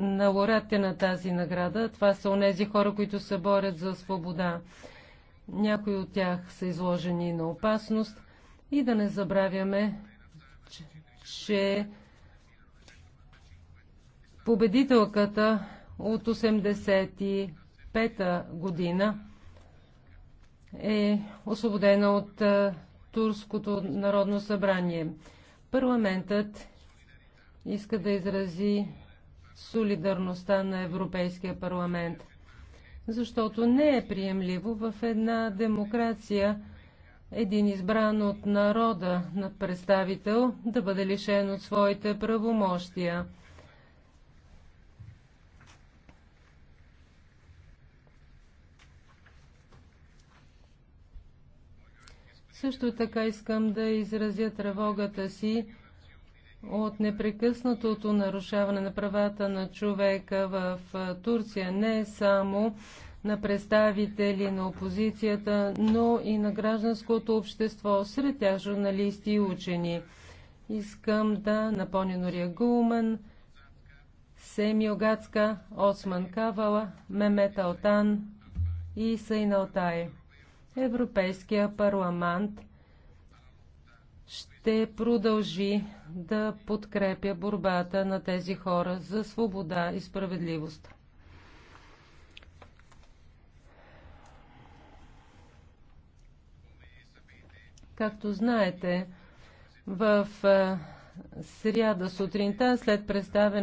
на лауреатите на тази награда. Това са онези хора, които се борят за свобода. Някои от тях са изложени на опасност. И да не забравяме, че, че победителката от 85-та година е освободена от е, Турското народно събрание. Парламентът иска да изрази солидарността на Европейския парламент. Защото не е приемливо в една демокрация един избран от народа на представител да бъде лишен от своите правомощия. Също така искам да изразя тревогата си от непрекъснатото нарушаване на правата на човека в Турция, не само на представители на опозицията, но и на гражданското общество, сред тях журналисти и учени. Искам да напомня Нория Гулман, Семи Огацка, Осман Кавала, Мемет Алтан и Сайна Алтай. Европейския парламент – ще продължи да подкрепя борбата на тези хора за свобода и справедливост. Както знаете, в сряда сутринта след представяне